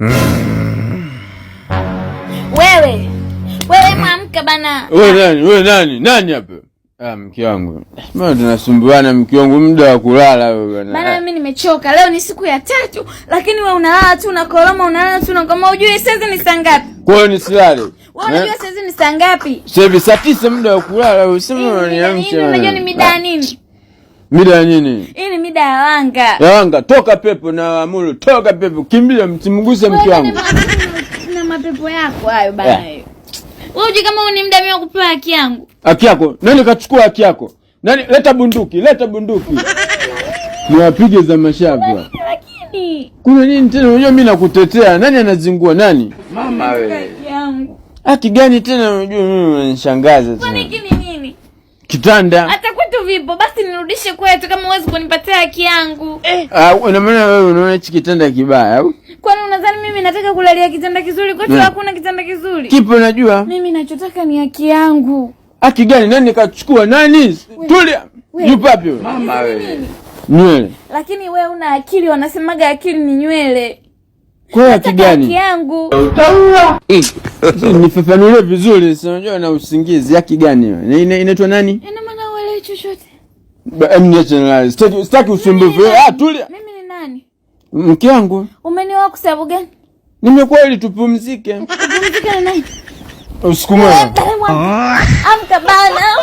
Wewe wewe, mwamka bana. Wewe nani? Wewe nani? Nani hapa? Ah, mke wangu. Mbona tunasumbuana mke wangu muda wa kulala wewe bana. Bana ah. mimi nimechoka. Leo ni siku ya tatu lakini wewe unalala tu na koroma, unalala tu na unakoma hujui sasa ni saa ngapi. Kwa hiyo nisilale. Wewe unajua eh? sasa ni saa ngapi? Sasa hivi saa tisa, muda wa kulala wewe sema unaniamsha. Unajua ni mida nini? Mida nini? shida ya wanga ya wanga, toka pepo na amuru, toka pepo, kimbia, mtimguse mke wangu. Na mapepo yako hayo bana, eh. wewe uje kama uni mda mimi kupewa haki yangu. Haki yako nani? Kachukua haki yako nani? Leta bunduki, leta bunduki niwapige za mashavu. Lakini kuna nini tena? Unajua mimi nakutetea, nani anazingua nani? Mama wewe, haki gani tena? Unajua mimi unanishangaza nini? Kitanda hata vitu vipo, basi nirudishe kwetu kama huwezi kunipatia haki yangu. eh. Ina ah, maana wewe unaona hichi kitanda kibaya au? Kwani unadhani mimi nataka kulalia kitanda kizuri? Kwetu eh. hakuna kitanda kizuri. Kipo unajua? Mimi nachotaka ni haki yangu. Haki gani? Nani nikachukua? Nani? Tulia. Yupapi wewe? Mama wewe. Nywele. Lakini wewe una akili, wanasemaga akili ni nywele. Kwa haki gani? Haki yangu. Utaua. Eh, nifafanulie vizuri, si unajua na usingizi. Haki gani wewe? Inaitwa nani? Ina chochote. Sitaki usumbufu. Ah, tulia. Mimi ni nani? Mke wangu. kwa sababu gani? Nimekuwa ili tupumzike. Tupumzike na nani? Amka bana.